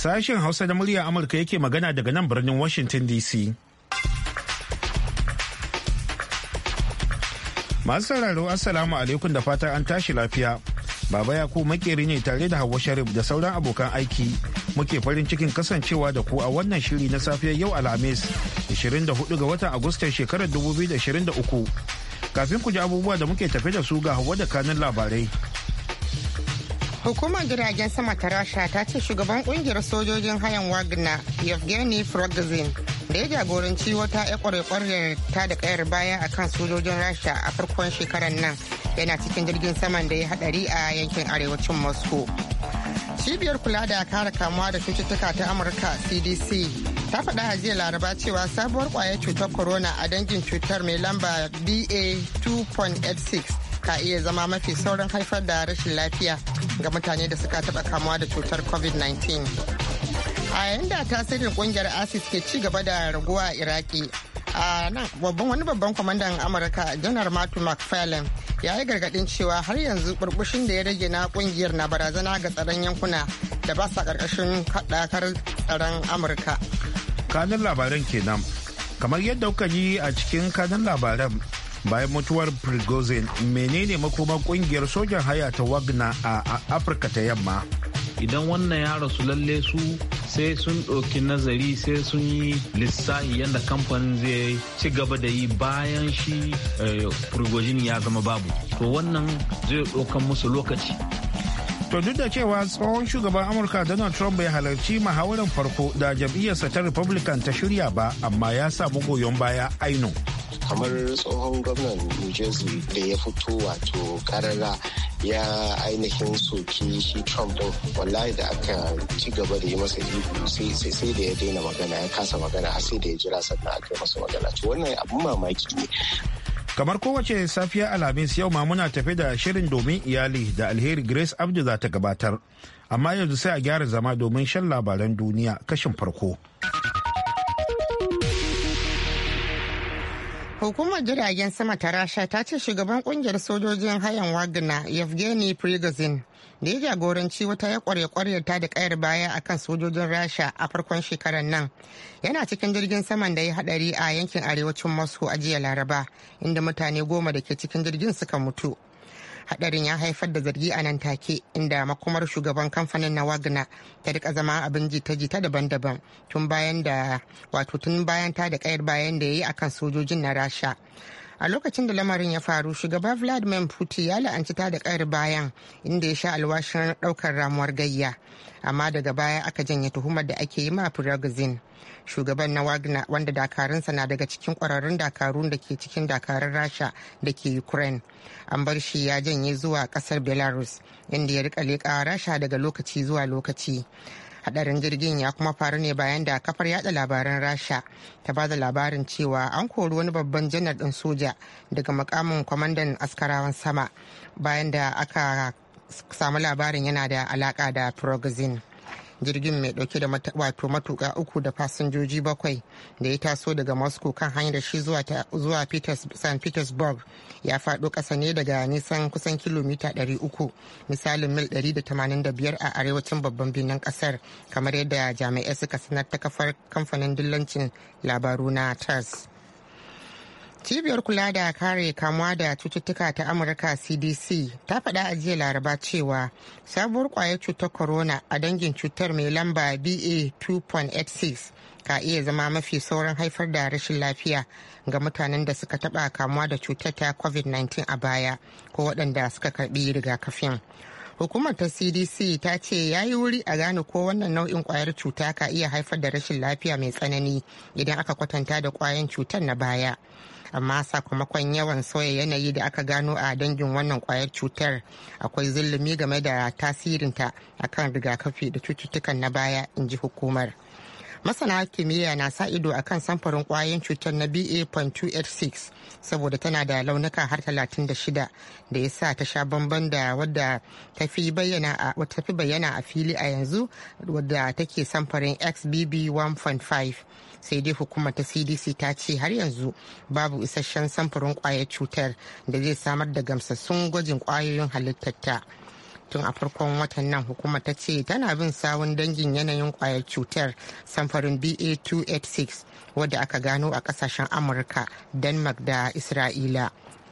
Sashen Hausa na murya Amurka yake magana daga nan birnin Washington DC. Masu sauraro Assalamu alaikum da fatan an tashi lafiya. Baba ya ku makeri ne tare da Hauwa Sharif da sauran abokan aiki. Muke farin cikin kasancewa da ku a wannan shiri na safiyar yau Alhamis 24 ga watan Agustan shekarar 2023. Kafin ku ji abubuwa da muke tafe da su ga Hauwa da kanin labarai. Hukumar jiragen sama ta Rasha ta ce shugaban kungiyar sojojin hayan Wagner Yevgeny Prigozhin da ya jagoranci wata ya kware ta da kayar baya akan sojojin Rasha a farkon shekarar nan yana cikin jirgin saman da ya hadari a yankin arewacin Moscow. Cibiyar kula da kare kamuwa da cututtuka ta Amurka CDC ta faɗa a jiya laraba cewa sabuwar kwayar cutar corona a dangin cutar mai lamba BA 2.86 ka iya zama mafi saurin haifar da rashin lafiya ga mutane da suka taɓa kamuwa da cutar covid-19 a yayin da tasirin kungiyar asis ke ci gaba da raguwa a iraki a nan wani babban kwamandan amurka janar matu mcfarlane ya yi gargadin cewa har yanzu burbushin da ya rage na kungiyar na barazana ga tsaron yankuna da ba sa karkashin haɗakar tsaron amurka kanin labaran kenan kamar yadda kuka yi a cikin kanin labaran bayan mutuwar prigozhin menene makoma kungiyar sojan haya ta wagna a afirka ta yamma idan wannan ya rasu lalle su sai sun ɗauki nazari sai sun yi lissahi yadda kamfanin zai ci gaba da yi bayan shi eh, prigozhin ya zama babu to wannan zai ɗaukan musu lokaci To duk da cewa tsohon shugaban Amurka Donald Trump bai halarci muhawarar farko da jam'iyyarsa ta Republican ta shirya ba amma ya samu goyon baya aino kamar tsohon gwamnan new jersey da ya fito wato karara ya ainihin soki shi trump din wallahi da aka ci gaba da yi masa ihu sai da ya daina magana ya kasa magana har sai da ya jira sannan aka yi masa magana to wannan abin mamaki ne kamar kowace safiya alhamis yau ma muna tafe da shirin domin iyali da alheri grace abdu za ta gabatar amma yanzu sai a gyara zama domin shan labaran duniya kashin farko. Hukumar jiragen sama ta Rasha ta ce shugaban kungiyar sojojin hayan Wagner Yevgeny Prigozhin da ya jagoranci wata ya kware ta da kayar baya akan sojojin Rasha a farkon shekarar nan. Yana cikin jirgin saman da ya hadari a yankin arewacin Moscow a jiya Laraba inda mutane goma da ke cikin jirgin suka mutu. hadarin ya haifar da zargi a nan take inda makomar shugaban kamfanin na wagner ta rika zama abin jita-jita daban-daban tun bayan da wato tun bayan ta da kayar bayan da ya yi akan sojojin na rasha a lokacin da lamarin ya faru shugaba vladimir putin ya la'anci ta da ƙayar bayan inda ya sha alwashin ɗaukar ramuwar gayya amma daga baya aka janye tuhumar da ake yi ma prigozhin shugaban na wagner wanda dakarunsa na daga cikin kwararrun dakarun da ke cikin dakarun rasha da ke ukraine an bar shi ya janye zuwa kasar belarus inda ya rika leƙa rasha daga lokaci zuwa lokaci hadarin jirgin ya kuma faru ne bayan da kafar yada labaran rasha ta ba da labarin cewa an kori wani babban janar din soja daga makamin kwamandan askarawan sama bayan da aka samu labarin yana da alaka da progazine jirgin mai dauke da wato matuka uku da fasinjoji bakwai da ya taso daga moscow kan hanyar shi zuwa st petersburg ya faɗo kasa ne daga nisan kusan kilomita 300 misalin mil 185 a arewacin babban birnin ƙasar kamar yadda jami'ai suka sanar ta kafar kamfanin dillancin labaru na tas cibiyar kula da kare kamuwa da cututtuka ta amurka cdc ta faɗa a jiya laraba cewa sabuwar kwayar cutar corona a dangin cutar mai lamba ba 2.86 ka iya zama mafi sauran haifar da rashin lafiya ga mutanen da suka taɓa kamuwa da cutar ta covid-19 a baya ko waɗanda suka karɓi rigakafin hukumar ta cdc ta ce ya yi wuri a gane ko wannan nau'in kwayar cuta ka iya haifar da rashin lafiya mai tsanani idan aka kwatanta da kwayan cutar na baya amma sakamakon yawan sauya yanayi da aka gano a dangin wannan kwayar cutar akwai zulumi game da tasirinta akan rigakafi da cututtukan na baya in ji hukumar masana kimiyya na sa ido akan samfurin kwayoyin cutar na ba.286 saboda tana da launuka har 36 da ya sa ta sha bamban da wadda ta fi bayyana a fili a yanzu wadda take samfurin xbb 1.5 sai dai hukumar ta cdc ta ce har yanzu babu isasshen samfurin kwayar cutar da zai samar da gamsassun gwajin kwayoyin halittarta tun a farkon watan nan hukuma ta ce tana bin sawun dangin yanayin kwayar cutar samfurin ba286 wadda aka gano a kasashen amurka denmark da isra'ila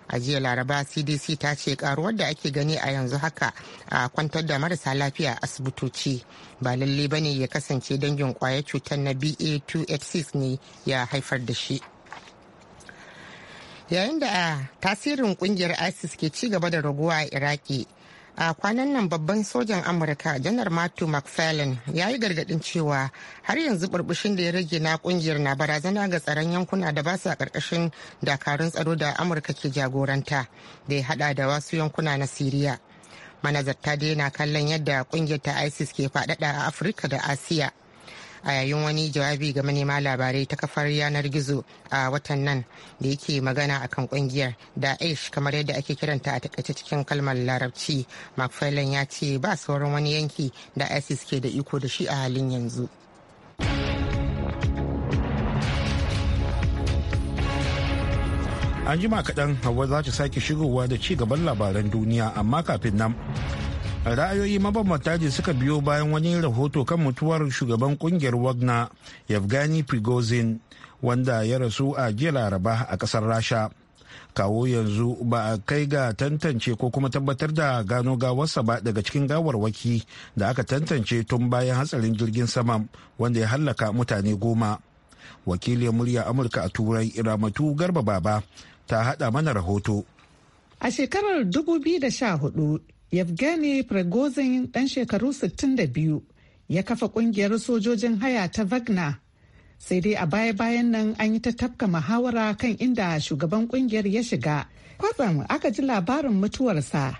a jiya laraba cdc ta ce karuwar da ake gani a yanzu haka a kwantar da marasa lafiya a asibitoci ba lalle ba ne ya kasance dangin kwayar cutar na ba286 ne ya haifar da shi yayin da tasirin kungiyar isis ke ci gaba da raguwa a iraki a kwanan nan babban sojan amurka janar matthew mcfarlane ya yi gargadin cewa har yanzu burbushin da ya rage na kungiyar na barazana ga tsaron yankuna da ba a karkashin dakarun tsaro da amurka ke jagoranta da ya hada da wasu yankuna na siriya manazarta dai na kallon yadda kungiyar ta isis ke faɗaɗa a afirka da asiya a yayin wani jawabi ga manema labarai ta kafar yanar gizo a watan nan da yake magana a akan kungiyar daesh kamar yadda ake kiranta a takaice cikin kalmar larabci macfailan ya ce ba sauran wani yanki da isis ke da iko da shi a halin yanzu an jima kaɗan hawa za ta sake shigowa da ci gaban labaran duniya amma kafin nan ra'ayoyi mabambanta ne suka biyo bayan wani rahoto kan mutuwar shugaban kungiyar wagner yevgeny prigozhin wanda ya rasu a jiya laraba a kasar rasha kawo yanzu ba a kai ga tantance ko kuma tabbatar da gano gawarsa ba daga cikin gawar waki da aka tantance tun bayan hatsarin jirgin sama wanda ya hallaka mutane goma wakilin murya amurka a turai iramatu garba baba ta hada mana rahoto a shekarar 2014 Yevgeny Prigozhin ɗan shekaru 62 ya kafa ƙungiyar sojojin haya ta Wagner. Sai dai a baya-bayan nan an yi ta tafka muhawara kan inda shugaban ƙungiyar ya shiga. Kwatsam aka ji labarin mutuwarsa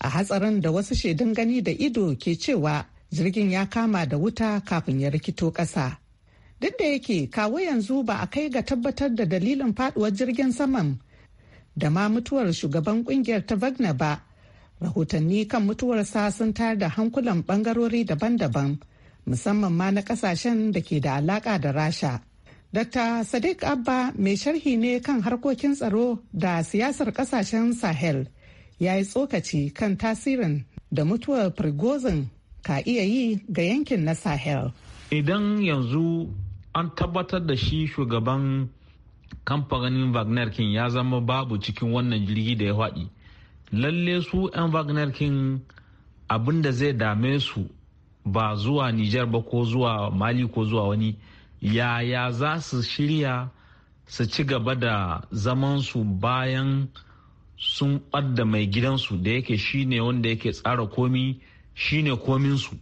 a hatsarin da wasu shaidun gani da ido ke cewa jirgin ya kama da wuta kafin ya rikito ƙasa. Duk da yake kawo yanzu ba a kai ga tabbatar da dalilin faduwar jirgin saman da ma mutuwar shugaban ƙungiyar ta Wagner ba rahotanni kan mutuwarsa sun tayar da hankulan bangarori daban-daban musamman ma na kasashen da ke da alaka da rasha dr sadiq abba mai sharhi ne kan harkokin tsaro da siyasar kasashen sahel ya yi tsokaci kan tasirin da mutuwar prigozin ka iya yi ga yankin na sahel idan yanzu an tabbatar da shi shugaban kamfanin wagner ya zama babu cikin wannan jirgi da ya haɗi lalle su 'yan wagner king abin da zai dame su ba zuwa nijar ba ko zuwa mali ko zuwa wani yaya za su shirya su ci gaba da zamansu bayan sun ɓadda mai gidansu da yake shine wanda yake tsara komi shine kominsu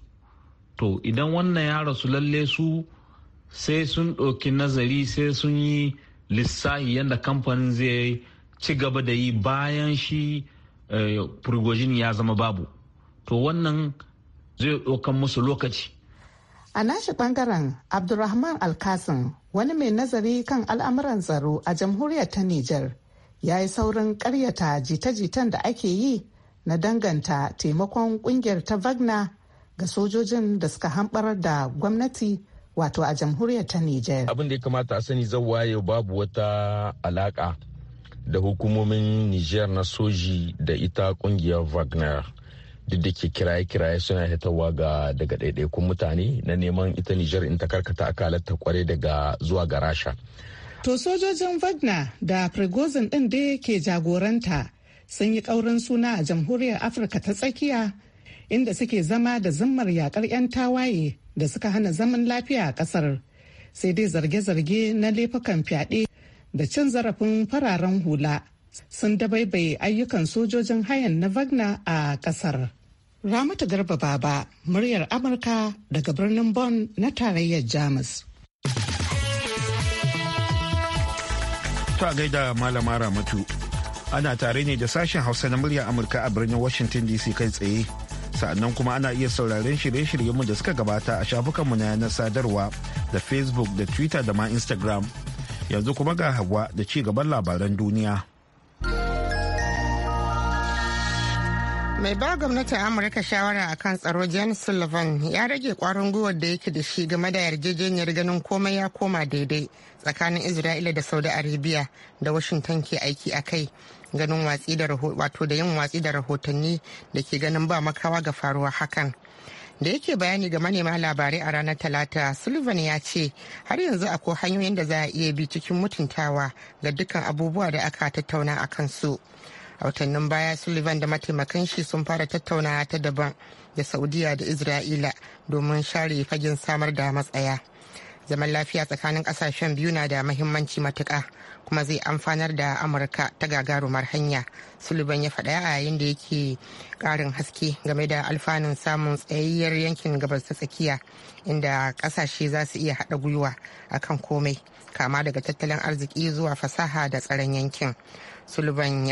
to idan wannan ya rasu lalle su sai sun ɗauki nazari sai sun yi lissahi yadda kamfanin zai ci gaba da yi bayan shi furgojini eh, ya zama babu to wannan zai ɗaukan musu lokaci a nashi bangaren abdulrahman alkasin wani mai nazari kan al'amuran tsaro a jamhuriyar ta nijar ya yi saurin karyata jita-jitan da ake yi na danganta taimakon ƙungiyar ta vagna ga sojojin da suka hambar da gwamnati wato a jamhuriyar ta Nijar. Abin da ya kamata a sani ya babu wata alaka da hukumomin niger na soji da ita kungiyar Wagner. Duk da ke kiraye-kiraye suna hitarwa ga daga ɗaiɗaikun mutane na neman ita niger in ta karkata akalarta kwarai daga zuwa ga Rasha. To sojojin Wagner da Prigozin ɗin da ke jagoranta sun yi ƙaurin suna a jamhuriyar Afirka ta tsakiya inda suke zama da zimmar yakar 'yan tawaye da suka hana zaman lafiya a ƙasar. Sai dai zarge-zarge na laifukan fyaɗe da cin zarafin fararen hula sun dabaibaye ayyukan sojojin hayan na vagna a kasar. Ramatu Garba Baba, muryar Amurka daga birnin Bonn na tarayyar Jamus. Ta gaida Malama Ramatu. Ana tare ne da sashen Hausa na muryar Amurka a birnin Washington DC kai tsaye. sa'annan kuma ana iya sauraren shirye-shiryenmu da suka gabata a shafukanmu na yanar sadarwa da facebook da twitter da ma instagram yanzu kuma ga hawa da ci gaban labaran duniya. mai ba gwamnatin amurka shawara akan tsaro jan sullivan ya rage kwarin gwiwar da yake da shi game da yarjejeniyar ganin komai ya koma daidai tsakanin isra'ila da saudi arabia da washington ke aiki a kai ganin wato da yin watsi da rahotanni da ke ganin ba makawa ga faruwa hakan da yake bayani ga manema labarai a ranar talata sullivan ya ce har yanzu akwai hanyoyin da za a iya bi cikin mutuntawa ga dukkan abubuwa da aka tattauna a kansu a watannin baya sullivan da mataimakan shi sun fara tattaunawa ta daban da saudiya da isra'ila domin share fagen samar da matsaya zaman lafiya tsakanin kasashen biyu na da mahimmanci matuka kuma zai amfanar da amurka ta gagarumar hanya sullivan ya faɗa a yayin da yake ƙarin haske game da alfanun samun tsayayyar yankin gabas ta tsakiya inda ƙasashe za su iya haɗa gwiwa akan komai kama daga tattalin arziki zuwa fasaha da tsaron yankin sullivan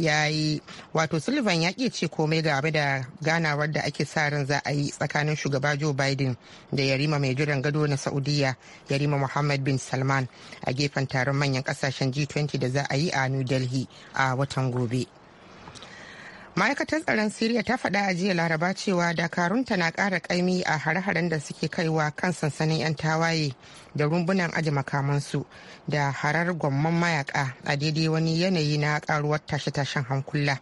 ya yi wato sullivan ya ce komai game da ganawar da ake sa ran za a yi tsakanin shugaba joe biden da yarima mai jiran gado na saudiya yarima muhammad bin salman a gefen taron manyan kasashen g20 da za a yi a new delhi a watan gobe ma'aikatar tsaron siriya ta faɗa a jiya laraba cewa dakarunta na ƙara ƙaimi a hare-haren da suke kaiwa kan sansanin 'yan tawaye da rumbunan aji makamansu da harar gwamman mayaka a daidai wani yanayi na karuwar tashe-tashen hankula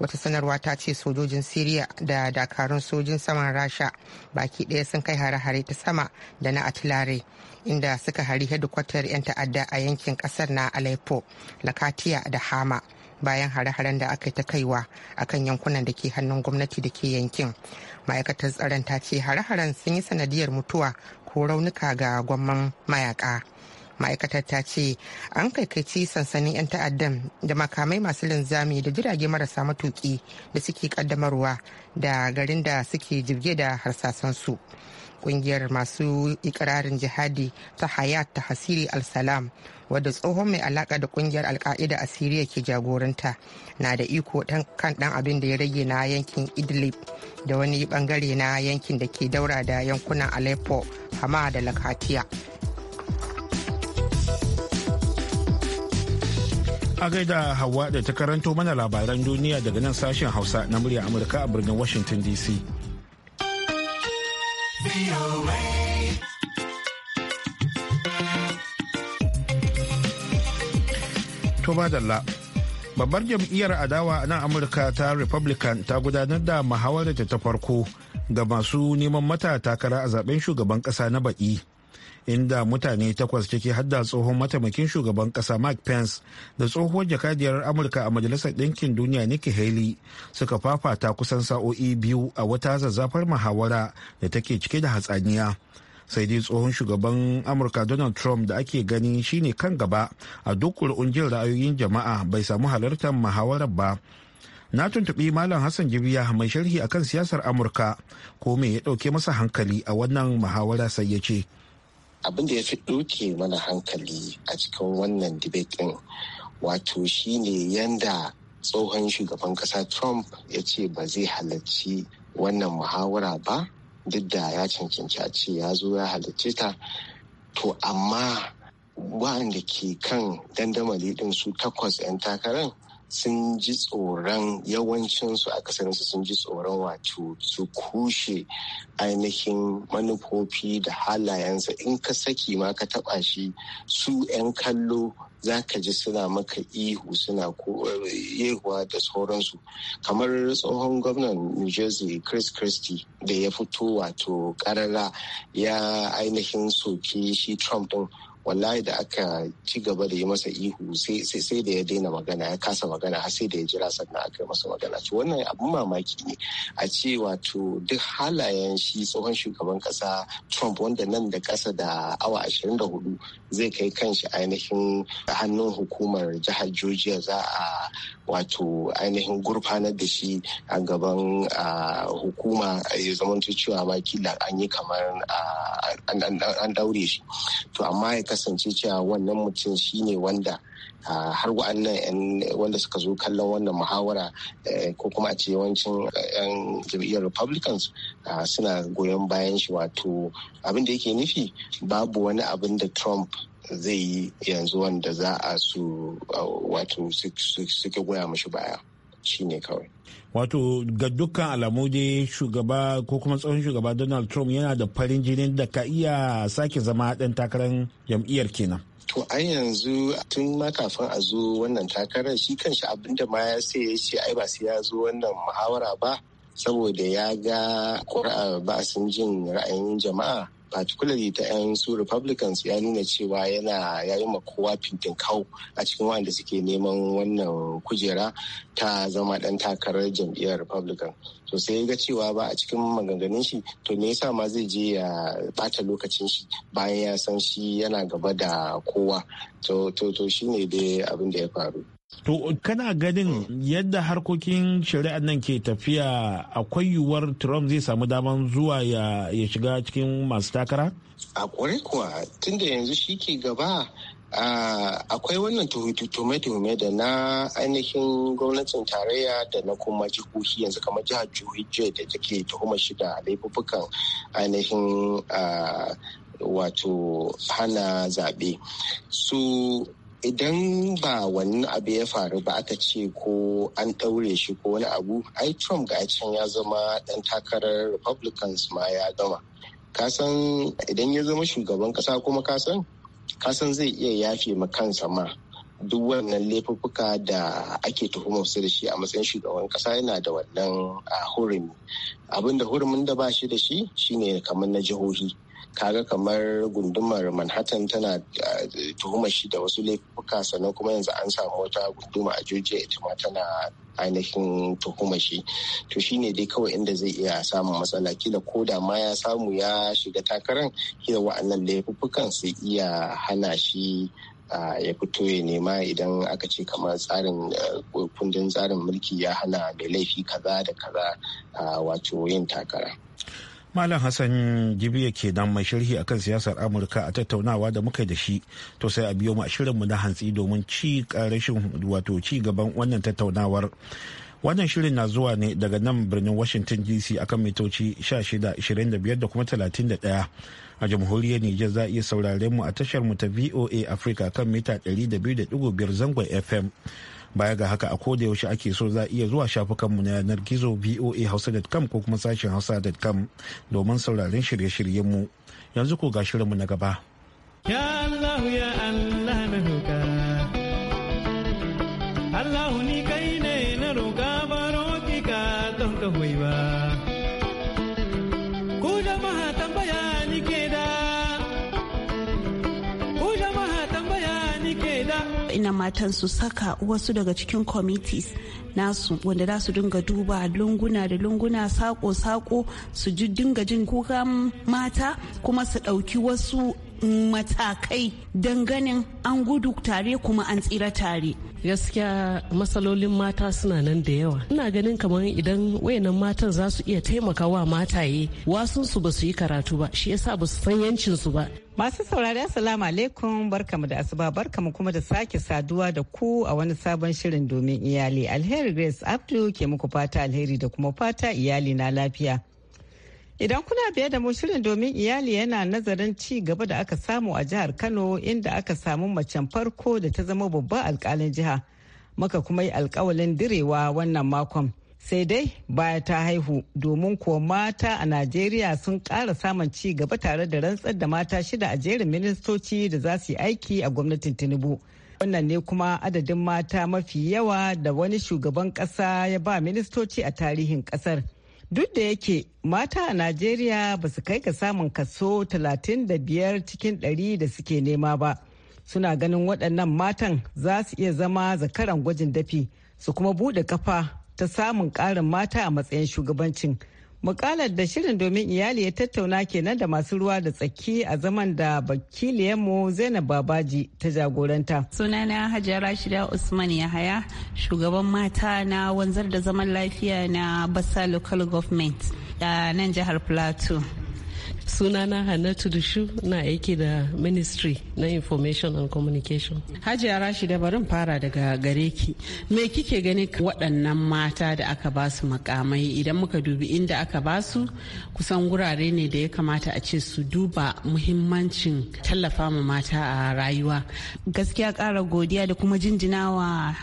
wata sanarwa ta ce sojojin siriya da dakarun sojin saman rasha baki ɗaya sun kai hare-hare ta sama da na atilare inda suka hari hedikwatar 'yan ta'adda a yankin ƙasar na aleppo lakatiya da hama bayan hare-haren da aka yi ta kaiwa a kan yankunan da ke hannun gwamnati da ke yankin ma'aikatar tsaron ta ce hare-haren sun yi sanadiyar mutuwa ko raunuka ga gwamman mayaka ma'aikatar ta ce an kaikaici sansanin 'yan ta'addan da makamai masu linzami da jirage marasa matuki da suke kaddamarwa da garin da suke jirge da harsasansu kungiyar masu ikirarin jihadi ta hayat ta hasiri al-salam wadda tsohon mai alaka da kungiyar alka'ida a siriya ke jagoranta na da iko dan kan dan abin da ya rage na yankin idlib da wani bangare na yankin da ke daura da yankunan aleppo hama da lakatiya a gaida hawa da ta karanto mana labaran duniya daga nan sashen hausa na murya amurka a birnin washington dc Toba Dalla. babbar jam'iyyar adawa na amurka ta republican ta gudanar da muhawarta ta farko ga masu neman mata takara a zaben shugaban kasa na baki inda mutane takwas ciki hadda tsohon mataimakin shugaban kasa mike pence da tsohuwar jakadiyar amurka a majalisar ɗinkin duniya nikki haley suka fafata kusan sa'o'i biyu a wata zazzafar muhawara da take cike da hatsaniya sai dai tsohon shugaban amurka donald trump da ake ganin shine kan gaba a duk ƙuri'un jin ra'ayoyin jama'a bai samu halartar muhawarar ba na tuntuɓi malam hassan jibiya mai sharhi akan siyasar amurka ko me ya ɗauke masa hankali a wannan muhawara sai ya ce abin da ya fi ɗauke mana hankali a cikin wannan dibetin wato shine yanda tsohon shugaban ƙasa trump ya ce ba zai halarci wannan muhawara ba duk da ya cancanci a ce ya zo ya halarci ta to amma waɗanda ke kan dandamali ɗin su takwas 'yan takarar sun ji tsoron yawancinsu a kasarinsu sun ji tsoron wato su kushe ainihin manufofi da halayensa in ka saki ma ka taba shi su 'yan kallo za ka ji suna maka ihu suna yehuwa eh, da sauransu kamar tsohon gwamnan new jersey chris christie da ya fito wato karara ya ainihin soki shi trump din wallahi da aka ci gaba da yi masa ihu sai da ya daina magana ya kasa magana har sai da ya jira sannan aka yi masa magana to wannan abin mamaki ne a ce wato duk halayen shi tsohon shugaban kasa trump wanda nan da kasa da awa da hudu zai kai kanshi ainihin hannun hukumar jihar georgia za a wato ainihin gurfanar da shi a gaban hukuma ya zama cewa ma kila an yi kamar an daure shi to amma kasance cewa wannan mutum shine wanda har wa'annan wanda suka zo kallon wannan muhawara e, ko kuma a ce yawancin 'yan e, jam'iyyar republicans suna goyon bayan shi wato abin da yake nufi babu wani abin da trump zai yi yanzu wanda za a su wato suke goya mashi baya shine kawai wato ga dukkan alamu dai shugaba ko kuma tsohon shugaba donald trump yana da farin jini da ka iya sake zama ɗan takarar jam'iyyar kenan to ai yanzu tun ma kafin a zo wannan takarar shi kanshi abinda ma ya sai ya ce ai ba sai ya zo wannan muhawara ba saboda ya ga ƙuri'ar ba sun jin ra'ayin jama'a particularly ta 'yan su republicans ya nuna cewa yana yayi ma kowa fintin kau a cikin wanda suke neman wannan kujera ta zama dan takarar jam'iyyar republican to sai ga cewa ba a cikin maganganun shi to me yasa ma zai je ya bata lokacin shi bayan ya san shi yana gaba da kowa to to to shine dai abin da ya faru To kana ganin yadda harkokin shari'ar nan ke tafiya akwai yiwuwar Trump zai samu daman zuwa ya shiga cikin masu takara? A kwarai kuwa tunda yanzu shi ke gaba akwai wannan tuhume-tuhume da na ainihin gwamnatin tarayya da na kuma jihohi yanzu kamar jihar Jihohi da take tuhuma shi da laifuffukan ainihin wato hana zaɓe. su idan ba wani abu ya faru ba aka ce ko an ɗaure shi ko wani abu ai trump ga can ya zama ɗan takarar republicans ma ya gama kasan idan ya zama shugaban kasa kuma kasan kasan zai iya yafe ma kansa ma duk wannan laifuffuka da ake tuhumar su da shi a matsayin shugaban kasa yana da wannan ah, hurumi abin da hurumin da ba shi da shi shine kamar na jihohi kaga kamar gundumar manhattan tana eh, tuhumar shi da wasu laifuka sannan kuma yanzu an samu wata gunduma a georgia ita ma tana ainihin tuhuma shi to shi ne dai kawai inda zai iya samun matsala kila ko da ma ya samu ya shiga takarar kila wa'annan laifukan su iya hana shi ah, ya fito ya nema idan aka ce kamar tsarin eh, kundin tsarin mulki ya hana mai laifi kaza da kaza ah, wato yin takara Malam Hassan Jibiya ke nan mai sharhi akan siyasar Amurka a tattaunawa da muka da shi to sai a biyo mu a mu na hantsi domin ci karashin wato ci gaban wannan tattaunawar. Wannan shirin na zuwa ne daga nan birnin Washington DC akan mitoci 1625 da kuma 31. a jamhuriyar Nijar za a iya sauraren mu a tashar mu ta VOA Africa kan mita 200.5 zangon FM. baya ga haka a koda yaushe ake so za iya zuwa shafukanmu na yanar gizo voa hausa.com ko kuma sashen hausa.com domin sauraron shirye-shiryenmu yanzu ko ga shirinmu na gaba ni waɗannan matan su saka wasu daga cikin committees nasu wanda za su dinga duba lunguna da lunguna sako-sako su dinga jin kukan mata kuma su ɗauki wasu matakai ganin an gudu tare kuma an tsira tare. gaskiya matsalolin mata suna nan da yawa ina ganin kamar idan wayannan matan za su iya taimakawa mataye wasunsu ba su yi karatu ba shi yasa ba su san yancinsu ba Masu saurari Assalamu alaikum barkamu da asuba barkamu kuma da sake saduwa da ku a wani sabon shirin domin iyali. Alheri Grace Abdu ke muku fata alheri da kuma fata iyali na lafiya. Idan kuna biye da mu shirin domin iyali yana nazarin ci gaba da aka samu a jihar Kano inda aka samu macen farko da ta zama babban alkalin jiha. maka kuma yi alkawalin direwa wannan makon. sai dai baya ta haihu domin kuwa mata a najeriya sun ƙara samun ci gaba tare da rantsar da mata shida a jerin ministoci da za su yi aiki a gwamnatin tinubu wannan ne kuma adadin mata mafi yawa da wani shugaban ƙasa ya ba ministoci a tarihin ƙasar duk da yake mata a najeriya ba su kai ga samun kaso 35 cikin 100 da suke nema ba suna ganin waɗannan matan za su iya zama zakaran gwajin dafi su kuma buɗe kafa ta samun karin mata a matsayin shugabancin. Mukalar da shirin domin iyali ya tattauna kenan da masu ruwa da tsaki a zaman da bakiliyanmu Zainab Babaji ta jagoranta. Sunana Hajara Shida Usman Yahaya, shugaban mata na wanzar da zaman lafiya na Basa Local Government a nan jihar Plateau. sunana hannatu dushu na aiki da ministry na information and communication hajiya rashida barin fara daga gare ki me kike gani waɗannan mata da aka ba su makamai idan muka dubi inda aka ba su kusan gurare ne da ya kamata a ce su duba muhimmancin tallafa ma mata a rayuwa gaskiya ƙara godiya da kuma jinjinawa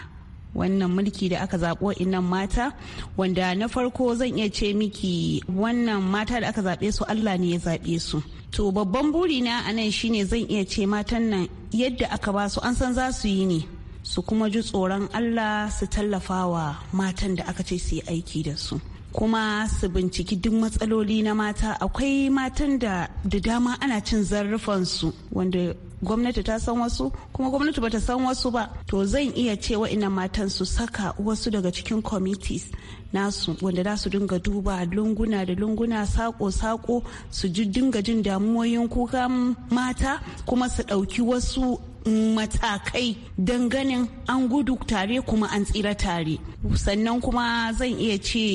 wannan mulki da aka zaɓo innan mata wanda na farko zan iya ce miki wannan mata da aka zaɓe su allah ne ya zaɓe su to babban burina a nan shine zan iya ce matan nan yadda aka ba su an san za su yi ne su kuma ji tsoron allah su tallafa wa matan da aka ce su yi aiki da su kuma su binciki duk matsaloli na mata akwai matan da da dama ana cin zarrufansu wanda gwamnati ta san wasu kuma gwamnati bata san wasu ba to zan iya ce wa'ina matan su saka wasu daga cikin committees nasu wanda za su dinga duba lunguna da lunguna sako-sako su dinga jin damuwoyin kuka mata kuma su ɗauki wasu matakai don ganin an gudu tare kuma an tsira tare sannan kuma zan iya ce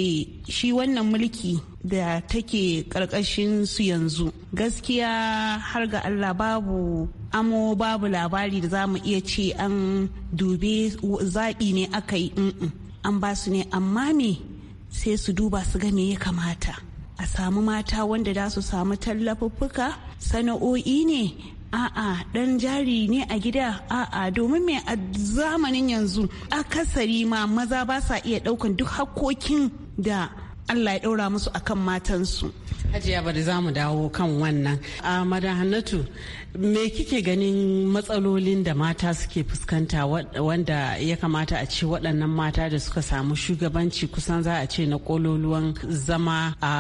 shi wannan mulki da take karkashin su yanzu gaskiya har ga allah babu amo babu labari da za mu iya ce an dube zaɓi ne aka yi an ba su ne amma me sai su duba su ga ya kamata a samu mata wanda za su samu tallafuffuka sana'o'i ne a'a dan jari ne a gida a'a domin me a zamanin yanzu akasari ma maza ba sa iya daukan duk hakkokin da Allah ya ɗaura musu akan matansu Hajiya bari za mu dawo kan wannan. A madahannatu me kike ganin matsalolin da mata suke fuskanta wanda ya kamata a ce waɗannan mata da suka samu shugabanci kusan za a ce na kololuwan zama a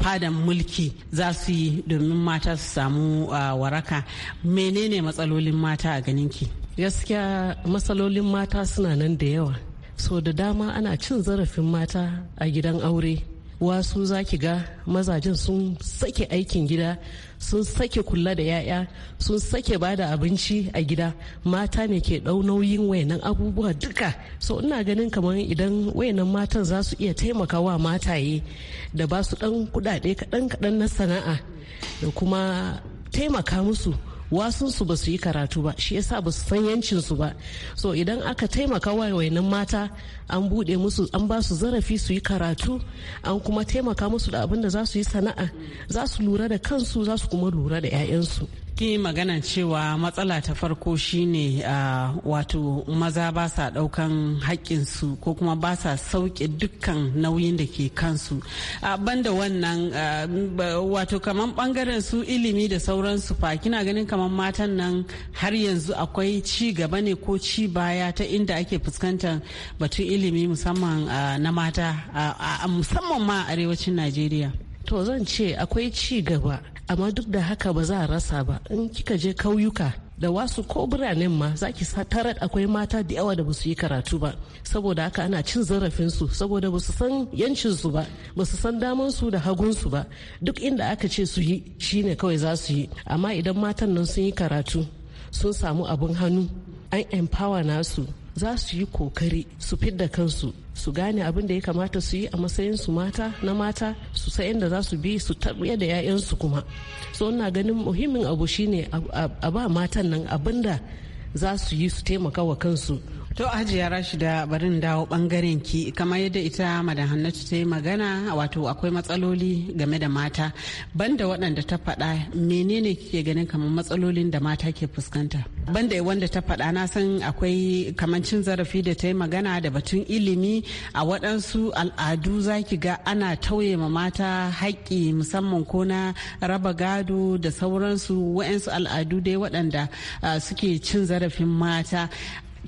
fadan mulki za su yi domin mata su samu waraka. Menene matsalolin mata a ganinki? Gaskiya matsalolin mata suna nan da yawa. So da dama ana cin zarafin mata a gidan aure. wasu za ki ga mazajen sun sake aikin gida sun sake kula da 'ya'ya sun sake ba da abinci a gida mata ne ke ɗau nauyin wayannan abubuwa duka so ina ganin kamar idan wayannan matan za su iya taimakawa mataye da ba su ɗan kuɗaɗe kaɗan-kaɗan na sana'a da kuma taimaka musu wasun su ba su yi karatu ba shi yasa ba su san yancin su ba so idan aka taimaka wa wayannan mata an bude musu an ba su zarafi su yi karatu an kuma taimaka musu da abin da za su yi sana'a za su lura da kansu za su kuma lura da 'ya'yansu ki magana cewa matsala ta farko shine a wato maza ba sa daukan haƙƙinsu ko kuma ba sa sauke dukkan nauyin da ke kansu uh, banda wannan wato kaman bangaren su ilimi da sauransu fa kina ganin kaman matan nan har yanzu akwai ci gaba ne ko ci baya ta inda ake fuskantar batun ilimi musamman na mata musamman ma a arewacin najeriya to zan ce akwai ci gaba amma duk da haka ba za a rasa ba in kika je kauyuka da wasu ko biranen ma za ki akwai mata da yawa da ba su yi karatu ba saboda haka ana cin zarafin su saboda ba su san yancin su ba ba su san daman su da hagun su ba duk inda aka ce su yi shine kawai za su yi amma idan matan nan sun yi karatu sun samu abin hannu an empower nasu za su yi kokari su fidda kansu su gane abin da ya kamata su yi a matsayin su mata na mata su sa da za su bi su tabbaya da 'ya'yansu kuma so ina ganin muhimmin abu shine a ba matan nan abin da za su yi su taimaka wa kansu To Hajiya Rashida barin dawo bangaren ki kamar yadda ita madan Hannatu ta yi magana wato akwai matsaloli game da mata banda waɗanda ta faɗa menene kike ganin kamar matsalolin da mata ke fuskanta banda wanda ta faɗa na san akwai kamar cin zarafi da ta yi magana da batun ilimi a waɗansu al'adu zaki ga ana tauye ma mata haƙƙi musamman ko na raba gado da sauransu waɗansu al'adu dai waɗanda suke cin zarafin mata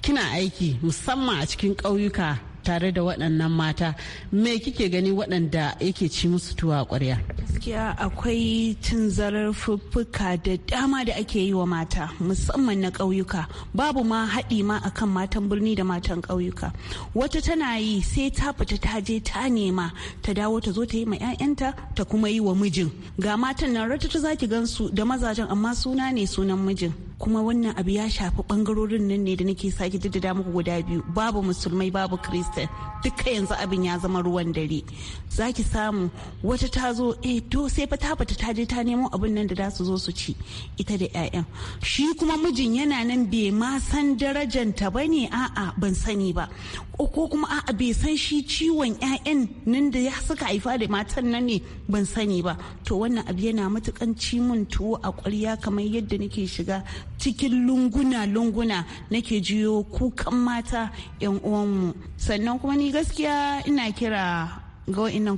kina aiki musamman a cikin ƙauyuka tare da waɗannan mata me kike gani waɗanda yake ci musu tuwa ƙwarya gaskiya akwai cin fuffuka da dama da ake yi wa mata musamman na ƙauyuka babu ma haɗi ma akan matan birni da matan ƙauyuka wata tana yi sai ta fita ta je ta nema ta dawo ta zo ta yi ma 'ya'yanta ta kuma yi wa mijin ga matan nan ratata zaki gansu da mazajen amma suna ne sunan mijin kuma wannan abu ya shafi bangarorin nan ne da nake sake jaddada muku guda biyu babu musulmai babu kirista duka yanzu abin ya zama ruwan dare Za ki samu wata ta zo eh to sai fa ta fata ta je ta nemo abin nan da za su zo su ci ita da 'ya'yan shi kuma mijin yana nan bai ma san darajanta ba ne a'a ban sani ba ko kuma a'a bai san shi ciwon 'ya'yan nan da ya suka haifa da matan nan ne ban sani ba to wannan abu yana matukan cimun tuwo a ƙwarya kamar yadda nake shiga cikin lunguna-lunguna nake jiyo kukan mata 'yan uwanmu sannan kuma ni gaskiya ina kira ga wa'annan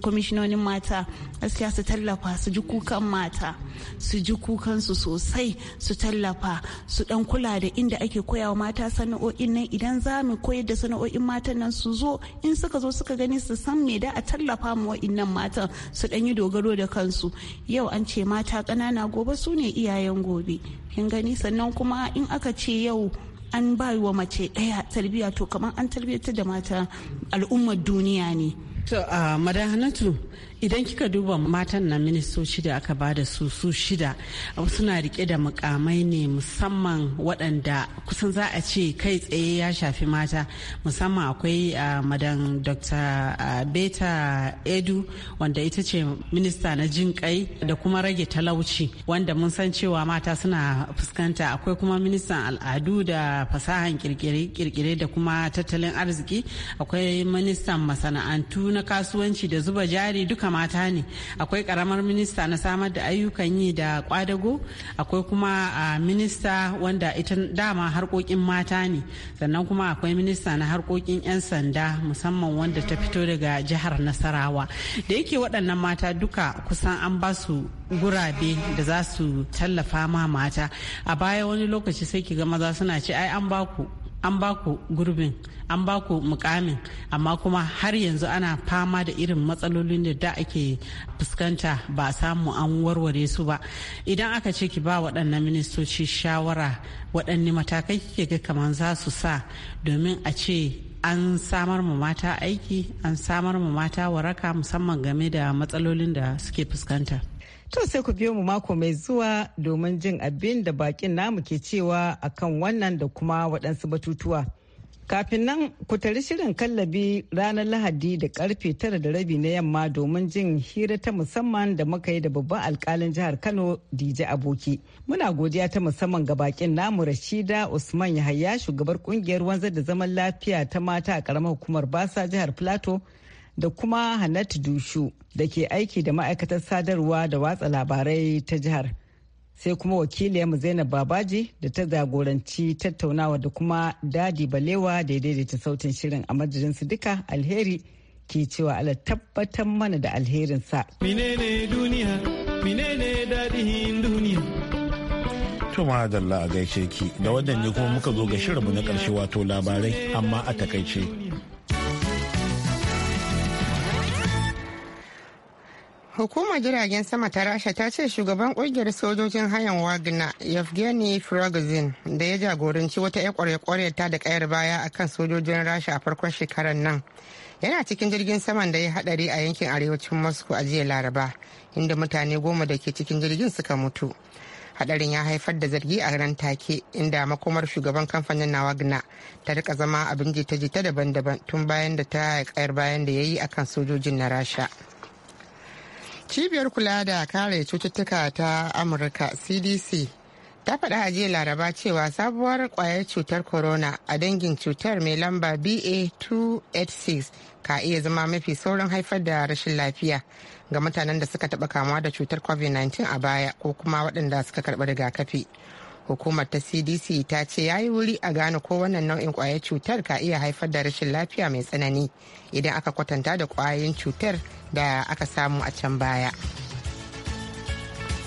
kwamishinonin mata gaskiya su tallafa su ji kukan mata su ji kukansu sosai su tallafa su dan kula da inda ake koyawa mata sana'o'in nan idan za mu koyar da sana'o'in matan nan su zo in suka zo suka gani su san me da a tallafa mu wa'annan matan su dan yi dogaro da kansu yau an ce mata ƙanana gobe su ne iyayen gobe kin gani sannan kuma in aka ce yau an bayuwa mace ɗaya tarbiyya to kamar an tarbiyyar da mata al'ummar duniya ne To, so, uh, Madahanatu, idan kika duba matan na ministoci da aka ba da su su shida suna rike da mukamai ne musamman waɗanda kusan za a ce kai tsaye ya shafi mata musamman akwai madan dr beta edu wanda ita ce minista na jin kai da kuma rage talauci wanda mun san cewa mata suna fuskanta akwai kuma ministan al'adu da fasahan kirkire da kuma tattalin arziki akwai ministan masana'antu na kasuwanci da zuba jari duka mata ne akwai karamar minista na samar da ayyukan yi da kwadago akwai kuma minista wanda ita dama harkokin mata ne sannan kuma akwai minista na harkokin 'yan sanda musamman wanda ta fito daga jihar nasarawa da yake waɗannan mata duka kusan an ba su gurabe da za su tallafa ma mata a baya wani lokaci sai ki ga maza suna ce ai an ba ku. an ba ku gurbin an ba ku mukamin amma kuma har yanzu ana fama da irin matsalolin da da ake fuskanta ba a samu an warware su ba idan aka ce ki ba waɗannan ministoci shawara waɗanne matakai kike ga kamar za su sa domin a ce an samar ma mata aiki an samar ma mata waraka musamman game da matsalolin da suke fuskanta To sai ku biyo mu mako mai zuwa domin jin abin da bakin namu ke cewa akan wannan da kuma waɗansu batutuwa. Kafin nan ku tari shirin kallabi ranar Lahadi da karfe tara da rabi na yamma domin jin hira ta musamman da muka yi da babban alkalin jihar Kano DJ Aboki. Muna godiya ta musamman ga bakin namu Rashida Usman Yahaya shugabar kungiyar wanzar da zaman lafiya ta mata a karamar hukumar Basa jihar Plateau da kuma Hannatu Dushu da ke aiki da ma'aikatar sadarwa da watsa labarai ta jihar. Sai kuma wakili wakiliyarmu Zainab Babaji da ta zagoranci tattaunawa da kuma Dadi Balewa da daidaita sautin shirin a majalinsu duka alheri ke cewa ala tabbatar mana da alherinsa. Menene duniya, menene dadihin duniya. To ma a gaishe ki da wannan ne kuma muka zo ga shirinmu na karshe wato labarai amma a takaice. hukumar jiragen sama ta rasha ta ce shugaban kungiyar sojojin hayan wagner yevgeny prigozhin da ya jagoranci wata ya kware ta da kayar baya akan sojojin rasha a farkon shekarar nan yana cikin jirgin saman da ya hadari a yankin arewacin moscow a jiya laraba inda mutane goma da ke cikin jirgin suka mutu hadarin ya haifar da zargi a ran take inda makomar shugaban kamfanin na wagner ta rika zama abin jita-jita daban-daban tun bayan da ta kayar bayan da ya yi akan sojojin na rasha cibiyar kula da kare cututtuka ta amurka cdc ta faɗa a jiya laraba cewa sabuwar ƙwayar cutar corona a dangin cutar mai lamba ba286 ka iya zama mafi saurin haifar da rashin lafiya ga mutanen da suka taɓa kamuwa da cutar covid-19 a baya ko kuma waɗanda suka karɓi rigakafi. hukumar ta cdc ta ce ya yi wuri a gane ko wannan nau'in kwayar cutar ka iya haifar da rashin lafiya mai tsanani idan aka kwatanta da kwayoyin cutar da aka samu a can baya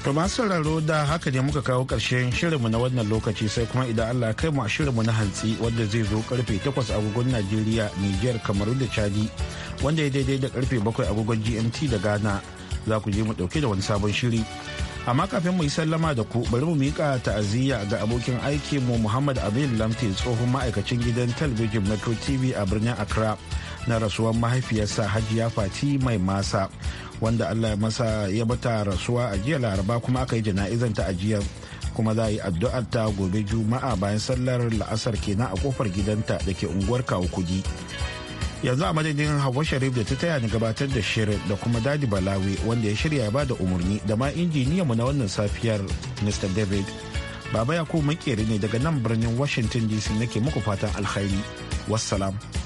To masu sauraro da haka ne muka kawo ƙarshen shirinmu na wannan lokaci sai kuma idan Allah kai mu a shirinmu na hantsi wanda zai zo karfe 8 agogon Najeriya, Nijar, Kamaru da Chadi wanda ya daidai da karfe 7 agogon GMT da Ghana za ku je mu dauke da wani sabon shiri. amma kafin mu yi sallama da ku bari mu mika ta'aziyya ga abokin aiki mu Muhammad Amin Lamte tsohon ma'aikacin gidan talabijin Metro TV a birnin Accra na rasuwar mahaifiyarsa Hajiya Fati mai masa wanda Allah ya masa ya bata rasuwa a jiya Laraba kuma aka yi jana'izar ta ajiyar kuma za a yi addu'ar ta gobe Juma'a bayan sallar la'asar kenan a kofar gidanta da ke unguwar Kawo kudi yanzu a madadin hawa sharif da ta taya ni gabatar da shirin da kuma dadi balawi wanda ya shirya ba da umarni da ma mu na wannan safiyar mr david baba ya ko makeri ne daga nan birnin washington dc nake muku fatan alkhairi wassalam